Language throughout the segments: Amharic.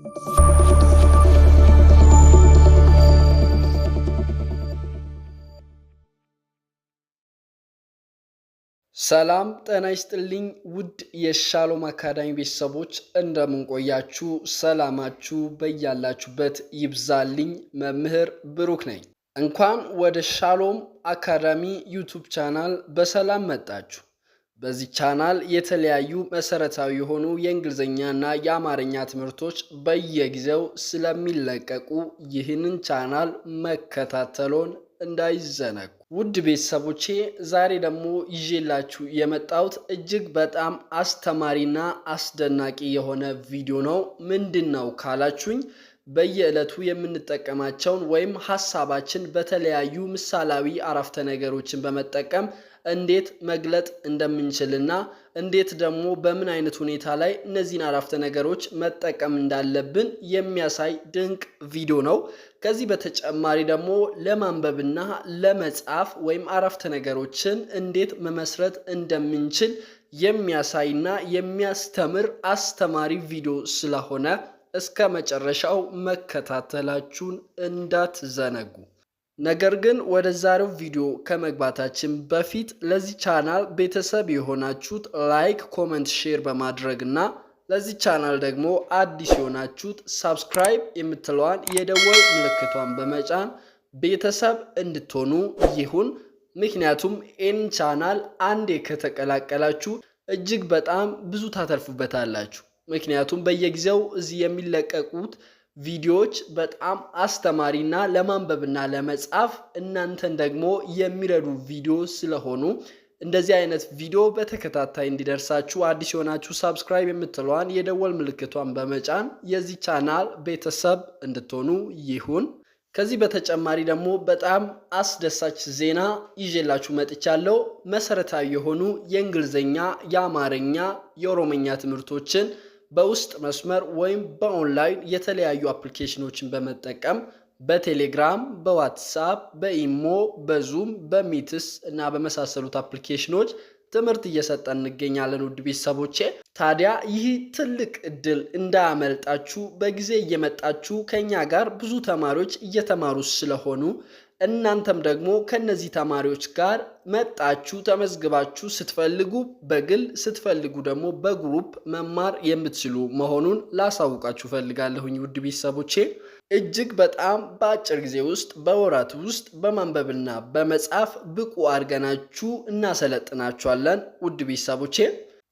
ሰላም ጤና ይስጥልኝ። ውድ የሻሎም አካዳሚ ቤተሰቦች እንደምንቆያችሁ፣ ሰላማችሁ በያላችሁበት ይብዛልኝ። መምህር ብሩክ ነኝ። እንኳን ወደ ሻሎም አካዳሚ ዩቱብ ቻናል በሰላም መጣችሁ። በዚህ ቻናል የተለያዩ መሰረታዊ የሆኑ የእንግሊዝኛና የአማርኛ ትምህርቶች በየጊዜው ስለሚለቀቁ ይህንን ቻናል መከታተሎን እንዳይዘነጉ። ውድ ቤተሰቦቼ ዛሬ ደግሞ ይዤላችሁ የመጣሁት እጅግ በጣም አስተማሪና አስደናቂ የሆነ ቪዲዮ ነው። ምንድን ነው ካላችሁኝ በየዕለቱ የምንጠቀማቸውን ወይም ሀሳባችን በተለያዩ ምሳሌያዊ አረፍተ ነገሮችን በመጠቀም እንዴት መግለጥ እንደምንችልና እንዴት ደግሞ በምን አይነት ሁኔታ ላይ እነዚህን አረፍተ ነገሮች መጠቀም እንዳለብን የሚያሳይ ድንቅ ቪዲዮ ነው። ከዚህ በተጨማሪ ደግሞ ለማንበብና ለመጻፍ ወይም አረፍተ ነገሮችን እንዴት መመስረት እንደምንችል የሚያሳይና የሚያስተምር አስተማሪ ቪዲዮ ስለሆነ እስከ መጨረሻው መከታተላችሁን እንዳትዘነጉ። ነገር ግን ወደ ዛሬው ቪዲዮ ከመግባታችን በፊት ለዚህ ቻናል ቤተሰብ የሆናችሁት ላይክ፣ ኮመንት፣ ሼር በማድረግ እና ለዚህ ቻናል ደግሞ አዲስ የሆናችሁት ሳብስክራይብ የምትለዋን የደወል ምልክቷን በመጫን ቤተሰብ እንድትሆኑ ይሁን። ምክንያቱም ይህን ቻናል አንዴ ከተቀላቀላችሁ እጅግ በጣም ብዙ ታተርፉበታላችሁ። ምክንያቱም በየጊዜው እዚህ የሚለቀቁት ቪዲዮዎች በጣም አስተማሪና ለማንበብና ለመጻፍ እናንተን ደግሞ የሚረዱ ቪዲዮ ስለሆኑ እንደዚህ አይነት ቪዲዮ በተከታታይ እንዲደርሳችሁ አዲስ የሆናችሁ ሳብስክራይብ የምትለዋን የደወል ምልክቷን በመጫን የዚህ ቻናል ቤተሰብ እንድትሆኑ ይሁን። ከዚህ በተጨማሪ ደግሞ በጣም አስደሳች ዜና ይዤላችሁ መጥቻለሁ። መሰረታዊ የሆኑ የእንግሊዝኛ፣ የአማርኛ፣ የኦሮምኛ ትምህርቶችን በውስጥ መስመር ወይም በኦንላይን የተለያዩ አፕሊኬሽኖችን በመጠቀም በቴሌግራም፣ በዋትሳፕ፣ በኢሞ፣ በዙም፣ በሚትስ እና በመሳሰሉት አፕሊኬሽኖች ትምህርት እየሰጠን እንገኛለን። ውድ ቤተሰቦቼ ታዲያ ይህ ትልቅ እድል እንዳያመልጣችሁ። በጊዜ እየመጣችሁ ከኛ ጋር ብዙ ተማሪዎች እየተማሩ ስለሆኑ እናንተም ደግሞ ከነዚህ ተማሪዎች ጋር መጣችሁ ተመዝግባችሁ ስትፈልጉ በግል ስትፈልጉ ደግሞ በግሩፕ መማር የምትችሉ መሆኑን ላሳውቃችሁ ፈልጋለሁኝ። ውድ ቤተሰቦቼ እጅግ በጣም በአጭር ጊዜ ውስጥ በወራት ውስጥ በማንበብና በመጻፍ ብቁ አድርገናችሁ እናሰለጥናችኋለን። ውድ ቤተሰቦቼ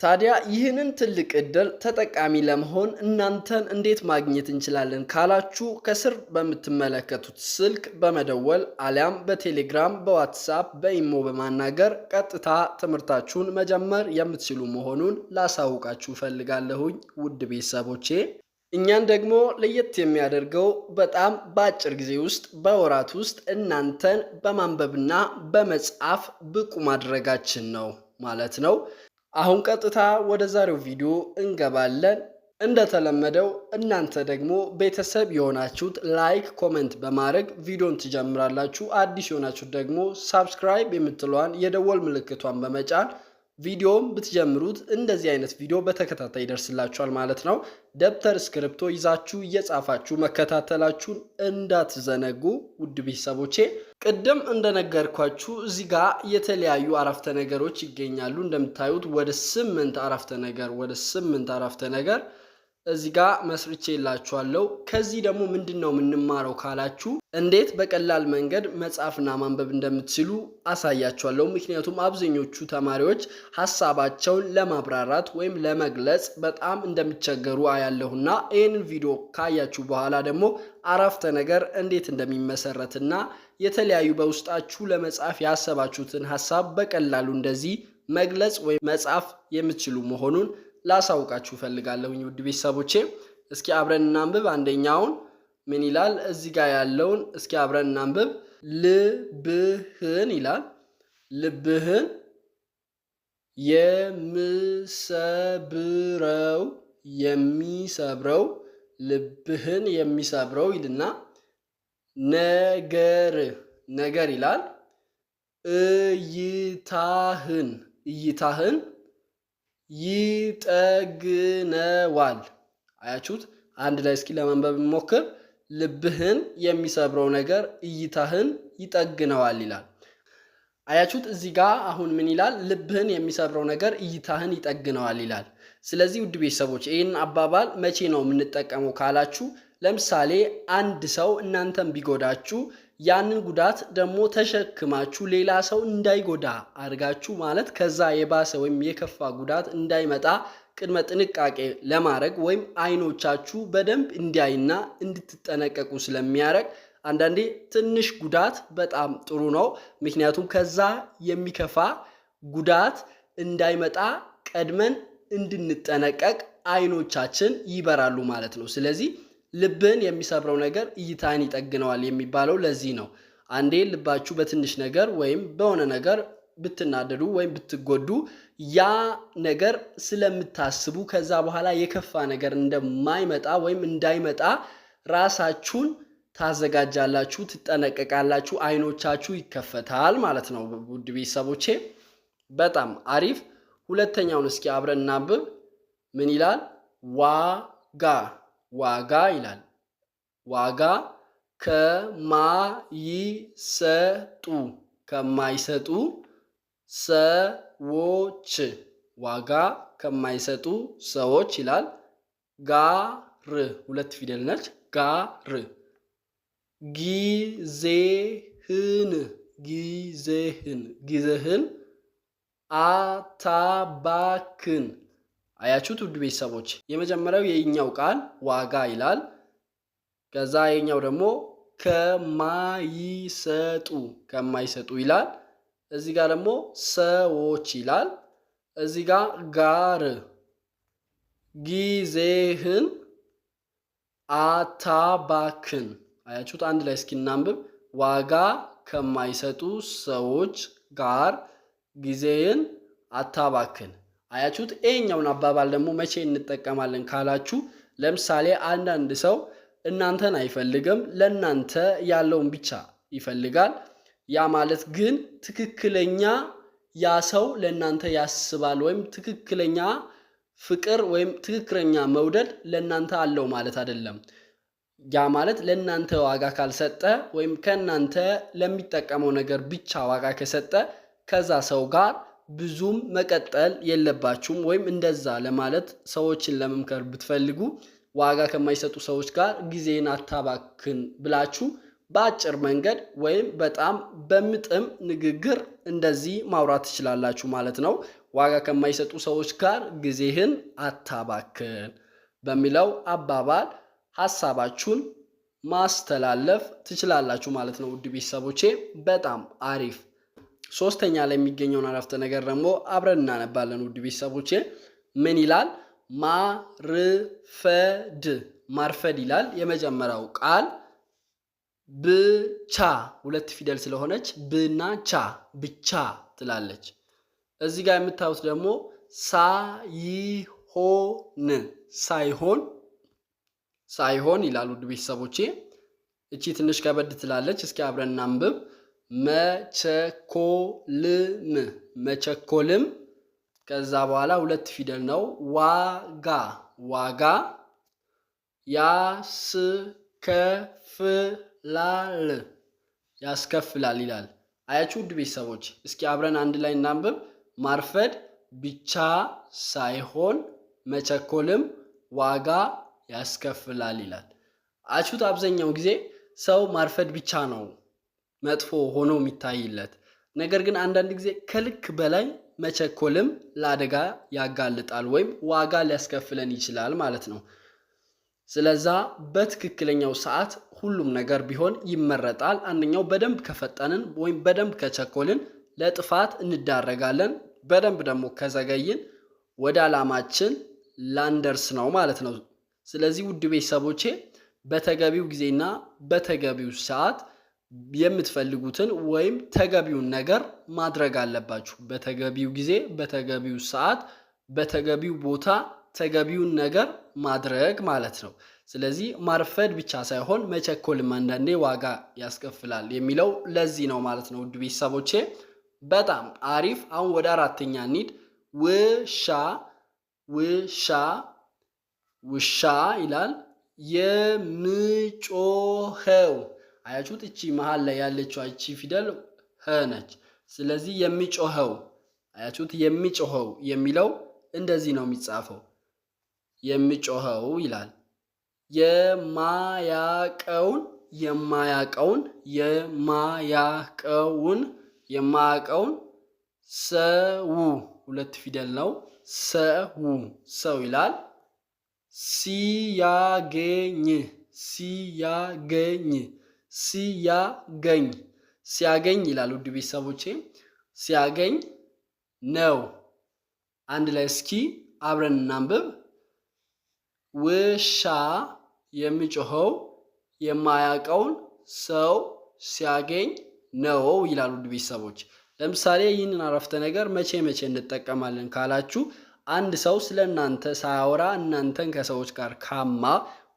ታዲያ ይህንን ትልቅ እድል ተጠቃሚ ለመሆን እናንተን እንዴት ማግኘት እንችላለን ካላችሁ ከስር በምትመለከቱት ስልክ በመደወል አሊያም በቴሌግራም፣ በዋትሳፕ፣ በኢሞ በማናገር ቀጥታ ትምህርታችሁን መጀመር የምትችሉ መሆኑን ላሳውቃችሁ ፈልጋለሁኝ ውድ ቤተሰቦቼ። እኛን ደግሞ ለየት የሚያደርገው በጣም በአጭር ጊዜ ውስጥ በወራት ውስጥ እናንተን በማንበብና በመጻፍ ብቁ ማድረጋችን ነው ማለት ነው። አሁን ቀጥታ ወደ ዛሬው ቪዲዮ እንገባለን። እንደተለመደው እናንተ ደግሞ ቤተሰብ የሆናችሁት ላይክ፣ ኮሜንት በማድረግ ቪዲዮን ትጀምራላችሁ። አዲስ የሆናችሁት ደግሞ ሳብስክራይብ የምትለዋን የደወል ምልክቷን በመጫን ቪዲዮም ብትጀምሩት እንደዚህ አይነት ቪዲዮ በተከታታይ ይደርስላችኋል ማለት ነው። ደብተር እስክሪብቶ ይዛችሁ እየጻፋችሁ መከታተላችሁን እንዳትዘነጉ ውድ ቤተሰቦቼ። ቅድም እንደነገርኳችሁ እዚህ ጋ የተለያዩ አረፍተ ነገሮች ይገኛሉ። እንደምታዩት ወደ ስምንት አረፍተ ነገር ወደ ስምንት አረፍተ ነገር እዚህ ጋር መስርቼ የላችኋለሁ። ከዚህ ደግሞ ምንድን ነው የምንማረው ካላችሁ እንዴት በቀላል መንገድ መጻፍና ማንበብ እንደምትችሉ አሳያችኋለሁ። ምክንያቱም አብዛኞቹ ተማሪዎች ሀሳባቸውን ለማብራራት ወይም ለመግለጽ በጣም እንደሚቸገሩ አያለሁና ይህንን ቪዲዮ ካያችሁ በኋላ ደግሞ አረፍተ ነገር እንዴት እንደሚመሰረትና የተለያዩ በውስጣችሁ ለመጻፍ ያሰባችሁትን ሀሳብ በቀላሉ እንደዚህ መግለጽ ወይም መጻፍ የምትችሉ መሆኑን ላሳውቃችሁ እፈልጋለሁኝ ውድ ቤተሰቦቼ። እስኪ አብረን እናንብብ። አንደኛውን ምን ይላል? እዚህ ጋር ያለውን እስኪ አብረን እናንብብ። ልብህን ይላል ልብህን የምሰብረው የሚሰብረው ልብህን የሚሰብረው ይልና ነገር ነገር ይላል እይታህን እይታህን ይጠግነዋል። አያችሁት? አንድ ላይ እስኪ ለማንበብ ሞክር። ልብህን የሚሰብረው ነገር እይታህን ይጠግነዋል ይላል። አያችሁት? እዚህ ጋር አሁን ምን ይላል? ልብህን የሚሰብረው ነገር እይታህን ይጠግነዋል ይላል። ስለዚህ ውድ ቤተሰቦች ይህን አባባል መቼ ነው የምንጠቀመው ካላችሁ፣ ለምሳሌ አንድ ሰው እናንተን ቢጎዳችሁ ያንን ጉዳት ደግሞ ተሸክማችሁ ሌላ ሰው እንዳይጎዳ አድርጋችሁ ማለት ከዛ የባሰ ወይም የከፋ ጉዳት እንዳይመጣ ቅድመ ጥንቃቄ ለማድረግ ወይም አይኖቻችሁ በደንብ እንዲያይና እንድትጠነቀቁ ስለሚያደርግ አንዳንዴ ትንሽ ጉዳት በጣም ጥሩ ነው። ምክንያቱም ከዛ የሚከፋ ጉዳት እንዳይመጣ ቀድመን እንድንጠነቀቅ አይኖቻችን ይበራሉ ማለት ነው። ስለዚህ ልብን የሚሰብረው ነገር እይታን ይጠግነዋል የሚባለው ለዚህ ነው። አንዴ ልባችሁ በትንሽ ነገር ወይም በሆነ ነገር ብትናደዱ ወይም ብትጎዱ ያ ነገር ስለምታስቡ ከዛ በኋላ የከፋ ነገር እንደማይመጣ ወይም እንዳይመጣ ራሳችሁን ታዘጋጃላችሁ፣ ትጠነቀቃላችሁ። አይኖቻችሁ ይከፈታል ማለት ነው። ውድ ቤተሰቦቼ በጣም አሪፍ። ሁለተኛውን እስኪ አብረን እናንብብ። ምን ይላል? ዋጋ ዋጋ ይላል። ዋጋ ከማይሰጡ ከማይሰጡ ሰዎች ዋጋ ከማይሰጡ ሰዎች ይላል። ጋር ሁለት ፊደል ነች። ጋር ጊዜህን ጊዜህን ጊዜህን አታባክን አያችሁት ውድ ቤተሰቦች፣ የመጀመሪያው የኛው ቃል ዋጋ ይላል። ከዛ የኛው ደግሞ ከማይሰጡ ከማይሰጡ ይላል። እዚህ ጋር ደግሞ ሰዎች ይላል። እዚህ ጋር ጋር ጊዜህን አታባክን። አያችሁት? አንድ ላይ እስኪናንብብ ዋጋ ከማይሰጡ ሰዎች ጋር ጊዜህን አታባክን። አያችሁት? ይሄኛውን አባባል ደግሞ መቼ እንጠቀማለን ካላችሁ ለምሳሌ አንዳንድ ሰው እናንተን አይፈልግም፣ ለእናንተ ያለውን ብቻ ይፈልጋል። ያ ማለት ግን ትክክለኛ ያ ሰው ለእናንተ ያስባል ወይም ትክክለኛ ፍቅር ወይም ትክክለኛ መውደድ ለእናንተ አለው ማለት አይደለም። ያ ማለት ለእናንተ ዋጋ ካልሰጠ ወይም ከእናንተ ለሚጠቀመው ነገር ብቻ ዋጋ ከሰጠ ከዛ ሰው ጋር ብዙም መቀጠል የለባችሁም ወይም እንደዛ ለማለት ሰዎችን ለመምከር ብትፈልጉ ዋጋ ከማይሰጡ ሰዎች ጋር ጊዜን አታባክን ብላችሁ በአጭር መንገድ ወይም በጣም በምጥም ንግግር እንደዚህ ማውራት ትችላላችሁ ማለት ነው። ዋጋ ከማይሰጡ ሰዎች ጋር ጊዜህን አታባክን በሚለው አባባል ሀሳባችሁን ማስተላለፍ ትችላላችሁ ማለት ነው። ውድ ቤተሰቦቼ በጣም አሪፍ ሶስተኛ ላይ የሚገኘውን አረፍተ ነገር ደግሞ አብረን እናነባለን። ውድ ቤተሰቦቼ ምን ይላል? ማርፈድ ማርፈድ ይላል። የመጀመሪያው ቃል ብቻ ሁለት ፊደል ስለሆነች ብና ቻ ብቻ ትላለች። እዚህ ጋር የምታዩት ደግሞ ሳይሆን ሳይሆን ሳይሆን ይላል። ውድ ቤተሰቦቼ እቺ ትንሽ ከበድ ትላለች። እስኪ አብረን እናንብብ። መቸኮልም መቸኮልም ከዛ በኋላ ሁለት ፊደል ነው። ዋጋ ዋጋ ያስከፍላል ያስከፍላል ይላል። አያችሁ ውድ ቤተሰቦች፣ እስኪ አብረን አንድ ላይ እናንብብ። ማርፈድ ብቻ ሳይሆን መቸኮልም ዋጋ ያስከፍላል ይላል። አችሁት አብዛኛው ጊዜ ሰው ማርፈድ ብቻ ነው መጥፎ ሆኖ የሚታይለት ነገር ግን አንዳንድ ጊዜ ከልክ በላይ መቸኮልም ለአደጋ ያጋልጣል ወይም ዋጋ ሊያስከፍለን ይችላል ማለት ነው። ስለዛ በትክክለኛው ሰዓት ሁሉም ነገር ቢሆን ይመረጣል። አንደኛው በደንብ ከፈጠንን ወይም በደንብ ከቸኮልን ለጥፋት እንዳረጋለን። በደንብ ደግሞ ከዘገይን ወደ ዓላማችን ላንደርስ ነው ማለት ነው። ስለዚህ ውድ ቤተሰቦቼ በተገቢው ጊዜና በተገቢው ሰዓት የምትፈልጉትን ወይም ተገቢውን ነገር ማድረግ አለባችሁ። በተገቢው ጊዜ፣ በተገቢው ሰዓት፣ በተገቢው ቦታ ተገቢውን ነገር ማድረግ ማለት ነው። ስለዚህ ማርፈድ ብቻ ሳይሆን መቸኮልም አንዳንዴ ዋጋ ያስከፍላል የሚለው ለዚህ ነው ማለት ነው። ውድ ቤተሰቦቼ በጣም አሪፍ። አሁን ወደ አራተኛ እንሂድ። ውሻ ውሻ ውሻ ይላል የምጮኸው አያችሁት? እቺ መሀል ላይ ያለችው እቺ ፊደል ህ ነች። ስለዚህ የሚጮኸው አያችሁት? የሚጮኸው የሚለው እንደዚህ ነው የሚጻፈው። የሚጮኸው ይላል። የማያቀውን የማያቀውን የማያቀውን የማያቀውን ሰው ሁለት ፊደል ነው። ሰው ሰው ይላል። ሲያገኝ ሲያገኝ ሲያገኝ ሲያገኝ ይላል። ውድ ቤተሰቦቼ ሲያገኝ ነው። አንድ ላይ እስኪ አብረን እናንብብ። ውሻ የሚጮኸው የማያውቀውን ሰው ሲያገኝ ነው ይላል። ውድ ቤተሰቦች ለምሳሌ ይህንን አረፍተ ነገር መቼ መቼ እንጠቀማለን ካላችሁ አንድ ሰው ስለ እናንተ ሳያወራ እናንተን ከሰዎች ጋር ካማ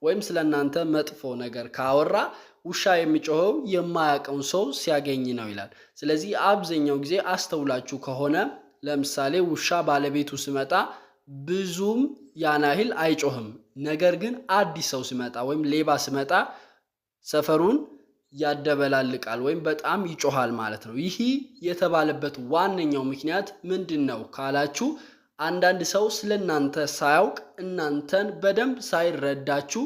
ወይም ስለ እናንተ መጥፎ ነገር ካወራ ውሻ የሚጮኸው የማያውቀውን ሰው ሲያገኝ ነው ይላል። ስለዚህ አብዛኛው ጊዜ አስተውላችሁ ከሆነ ለምሳሌ ውሻ ባለቤቱ ሲመጣ ብዙም ያን ያህል አይጮህም። ነገር ግን አዲስ ሰው ሲመጣ ወይም ሌባ ሲመጣ ሰፈሩን ያደበላልቃል ወይም በጣም ይጮሃል ማለት ነው። ይህ የተባለበት ዋነኛው ምክንያት ምንድን ነው ካላችሁ አንዳንድ ሰው ስለእናንተ ሳያውቅ እናንተን በደንብ ሳይረዳችሁ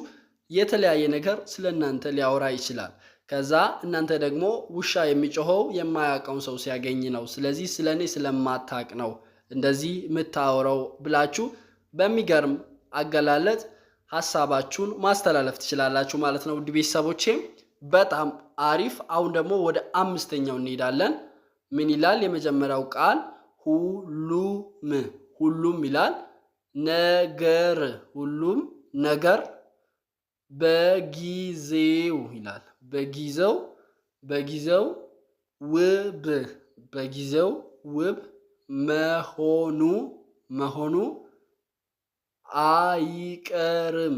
የተለያየ ነገር ስለ እናንተ ሊያወራ ይችላል። ከዛ እናንተ ደግሞ ውሻ የሚጮኸው የማያውቀውን ሰው ሲያገኝ ነው፣ ስለዚህ ስለ እኔ ስለማታቅ ነው እንደዚህ የምታወረው ብላችሁ በሚገርም አገላለጥ ሀሳባችሁን ማስተላለፍ ትችላላችሁ ማለት ነው። ውድ በጣም አሪፍ። አሁን ደግሞ ወደ አምስተኛው እንሄዳለን። ምን ይላል የመጀመሪያው ቃል? ሁሉም ሁሉም ይላል። ነገር ሁሉም ነገር በጊዜው ይላል። በጊዜው በጊዜው ውብ በጊዜው ውብ መሆኑ መሆኑ አይቀርም።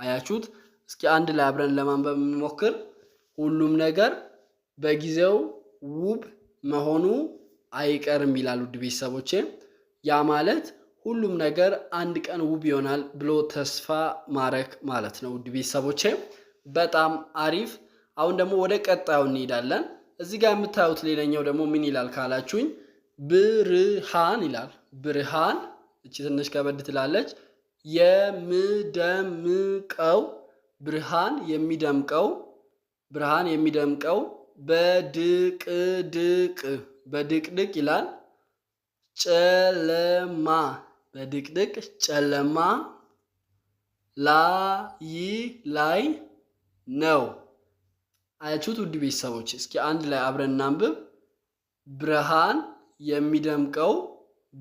አያችሁት? እስኪ አንድ ላይ አብረን ለማንበብ የሚሞክር ሁሉም ነገር በጊዜው ውብ መሆኑ አይቀርም ይላል። ውድ ቤተሰቦቼ ያ ማለት ሁሉም ነገር አንድ ቀን ውብ ይሆናል ብሎ ተስፋ ማረክ ማለት ነው። ውድ ቤተሰቦቼ በጣም አሪፍ። አሁን ደግሞ ወደ ቀጣዩ እንሄዳለን። እዚህ ጋር የምታዩት ሌላኛው ደግሞ ምን ይላል ካላችሁኝ፣ ብርሃን ይላል። ብርሃን እቺ ትንሽ ከበድ ትላለች። የምደምቀው ብርሃን የሚደምቀው ብርሃን የሚደምቀው በድቅድቅ በድቅድቅ ይላል ጨለማ በድቅድቅ ጨለማ ላይ ላይ ነው። አያችሁት? ውድ ቤተሰቦች እስኪ አንድ ላይ አብረን እናንብብ። ብርሃን የሚደምቀው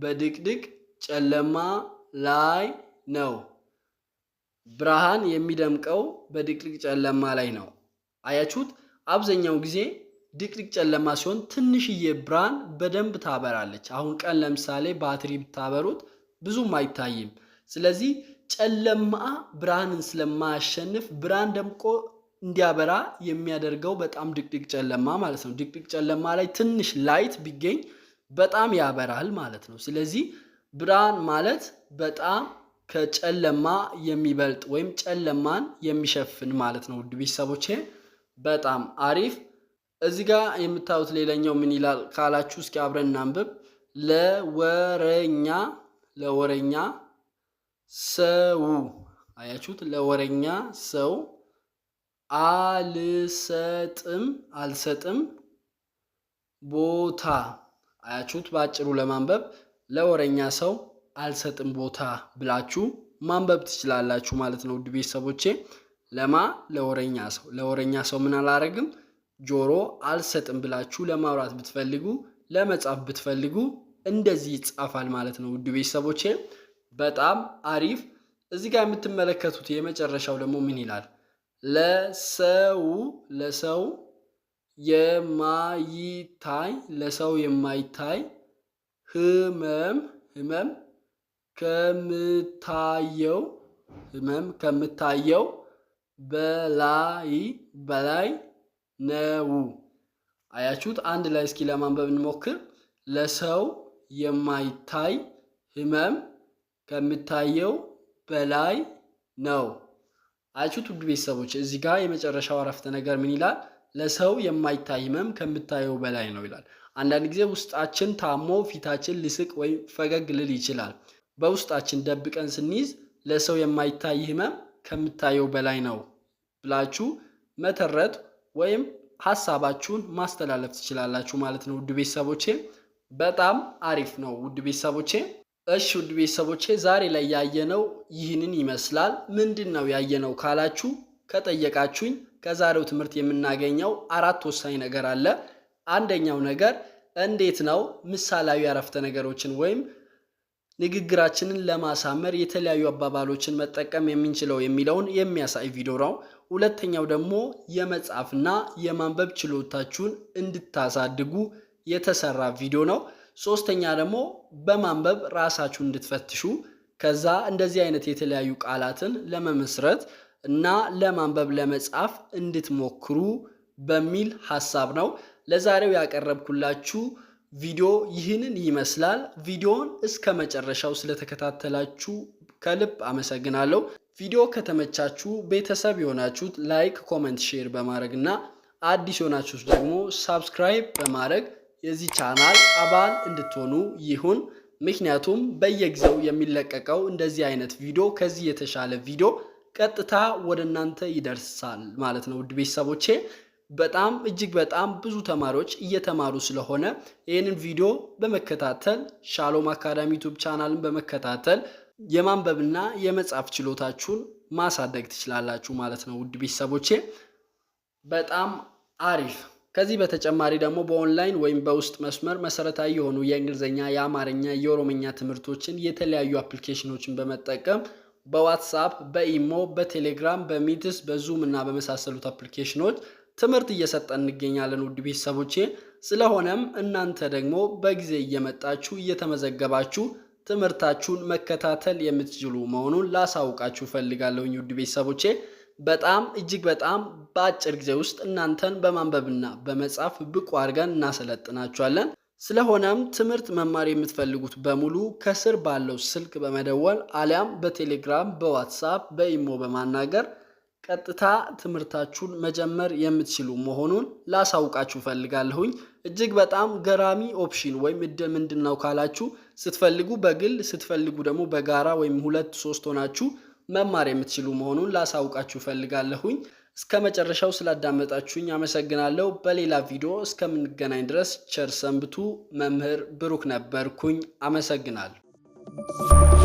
በድቅድቅ ጨለማ ላይ ነው። ብርሃን የሚደምቀው በድቅድቅ ጨለማ ላይ ነው። አያችሁት? አብዛኛው ጊዜ ድቅድቅ ጨለማ ሲሆን ትንሽዬ ብርሃን በደንብ ታበራለች። አሁን ቀን ለምሳሌ ባትሪ ብታበሩት ብዙም አይታይም። ስለዚህ ጨለማ ብርሃንን ስለማያሸንፍ ብርሃን ደምቆ እንዲያበራ የሚያደርገው በጣም ድቅድቅ ጨለማ ማለት ነው። ድቅድቅ ጨለማ ላይ ትንሽ ላይት ቢገኝ በጣም ያበራል ማለት ነው። ስለዚህ ብርሃን ማለት በጣም ከጨለማ የሚበልጥ ወይም ጨለማን የሚሸፍን ማለት ነው። ውድ ቤተሰቦቼ በጣም አሪፍ። እዚህ ጋር የምታዩት ሌላኛው ምን ይላል ካላችሁ እስኪ አብረን እናንብብ። ለወረኛ ለወረኛ ሰው አያችሁት? ለወረኛ ሰው አልሰጥም አልሰጥም ቦታ አያችሁት? በአጭሩ ለማንበብ ለወረኛ ሰው አልሰጥም ቦታ ብላችሁ ማንበብ ትችላላችሁ ማለት ነው። ውድ ቤተሰቦቼ ለማ ለወረኛ ሰው ለወረኛ ሰው ምን አላረግም ጆሮ አልሰጥም ብላችሁ ለማውራት ብትፈልጉ ለመጻፍ ብትፈልጉ እንደዚህ ይጻፋል ማለት ነው። ውድ ቤተሰቦቼ በጣም አሪፍ። እዚህ ጋር የምትመለከቱት የመጨረሻው ደግሞ ምን ይላል? ለሰው ለሰው የማይታይ ለሰው የማይታይ ህመም ህመም ከምታየው ህመም ከምታየው በላይ በላይ ነው። አያችሁት? አንድ ላይ እስኪ ለማንበብ እንሞክር። ለሰው የማይታይ ህመም ከሚታየው በላይ ነው። አያችሁት ውድ ቤተሰቦች፣ እዚህ ጋር የመጨረሻው አረፍተ ነገር ምን ይላል? ለሰው የማይታይ ህመም ከምታየው በላይ ነው ይላል። አንዳንድ ጊዜ ውስጣችን ታሞ ፊታችን ሊስቅ ወይም ፈገግ ልል ይችላል። በውስጣችን ደብቀን ስንይዝ ለሰው የማይታይ ህመም ከምታየው በላይ ነው ብላችሁ መተረት ወይም ሀሳባችሁን ማስተላለፍ ትችላላችሁ ማለት ነው ውድ ቤተሰቦቼ። በጣም አሪፍ ነው ውድ ቤተሰቦቼ። እሺ ውድ ቤተሰቦቼ ዛሬ ላይ ያየነው ይህንን ይመስላል። ምንድን ነው ያየነው ካላችሁ ከጠየቃችሁኝ ከዛሬው ትምህርት የምናገኘው አራት ወሳኝ ነገር አለ። አንደኛው ነገር እንዴት ነው ምሳሌያዊ አረፍተ ነገሮችን ወይም ንግግራችንን ለማሳመር የተለያዩ አባባሎችን መጠቀም የምንችለው የሚለውን የሚያሳይ ቪዲዮ ነው። ሁለተኛው ደግሞ የመጻፍና የማንበብ ችሎታችሁን እንድታሳድጉ የተሰራ ቪዲዮ ነው። ሶስተኛ ደግሞ በማንበብ ራሳችሁ እንድትፈትሹ ከዛ እንደዚህ አይነት የተለያዩ ቃላትን ለመመስረት እና ለማንበብ ለመጻፍ እንድትሞክሩ በሚል ሐሳብ ነው ለዛሬው ያቀረብኩላችሁ ቪዲዮ ይህንን ይመስላል። ቪዲዮውን እስከ መጨረሻው ስለተከታተላችሁ ከልብ አመሰግናለሁ። ቪዲዮ ከተመቻችሁ ቤተሰብ የሆናችሁት ላይክ፣ ኮመንት፣ ሼር በማድረግ እና አዲስ የሆናችሁት ደግሞ ሳብስክራይብ በማድረግ የዚህ ቻናል አባል እንድትሆኑ ይሁን። ምክንያቱም በየጊዜው የሚለቀቀው እንደዚህ አይነት ቪዲዮ ከዚህ የተሻለ ቪዲዮ ቀጥታ ወደ እናንተ ይደርሳል ማለት ነው። ውድ ቤተሰቦቼ በጣም እጅግ በጣም ብዙ ተማሪዎች እየተማሩ ስለሆነ ይህንን ቪዲዮ በመከታተል ሻሎም አካዳሚ ዩቱብ ቻናልን በመከታተል የማንበብና የመጻፍ ችሎታችሁን ማሳደግ ትችላላችሁ ማለት ነው። ውድ ቤተሰቦቼ በጣም አሪፍ ከዚህ በተጨማሪ ደግሞ በኦንላይን ወይም በውስጥ መስመር መሰረታዊ የሆኑ የእንግሊዝኛ፣ የአማርኛ፣ የኦሮምኛ ትምህርቶችን የተለያዩ አፕሊኬሽኖችን በመጠቀም በዋትሳፕ፣ በኢሞ፣ በቴሌግራም፣ በሚትስ፣ በዙም እና በመሳሰሉት አፕሊኬሽኖች ትምህርት እየሰጠን እንገኛለን ውድ ቤተሰቦቼ። ስለሆነም እናንተ ደግሞ በጊዜ እየመጣችሁ እየተመዘገባችሁ ትምህርታችሁን መከታተል የምትችሉ መሆኑን ላሳውቃችሁ ፈልጋለሁኝ ውድ ቤተሰቦቼ። በጣም እጅግ በጣም በአጭር ጊዜ ውስጥ እናንተን በማንበብና በመጻፍ ብቁ አድርገን እናሰለጥናችኋለን። ስለሆነም ትምህርት መማር የምትፈልጉት በሙሉ ከስር ባለው ስልክ በመደወል አሊያም በቴሌግራም፣ በዋትሳፕ፣ በኢሞ በማናገር ቀጥታ ትምህርታችሁን መጀመር የምትችሉ መሆኑን ላሳውቃችሁ ፈልጋለሁኝ። እጅግ በጣም ገራሚ ኦፕሽን ወይም እድል ምንድን ነው ካላችሁ ስትፈልጉ በግል ስትፈልጉ ደግሞ በጋራ ወይም ሁለት ሶስት ሆናችሁ መማር የምትችሉ መሆኑን ላሳውቃችሁ ፈልጋለሁኝ። እስከ መጨረሻው ስላዳመጣችሁኝ አመሰግናለሁ። በሌላ ቪዲዮ እስከምንገናኝ ድረስ ቸር ሰንብቱ። መምህር ብሩክ ነበርኩኝ። አመሰግናለሁ።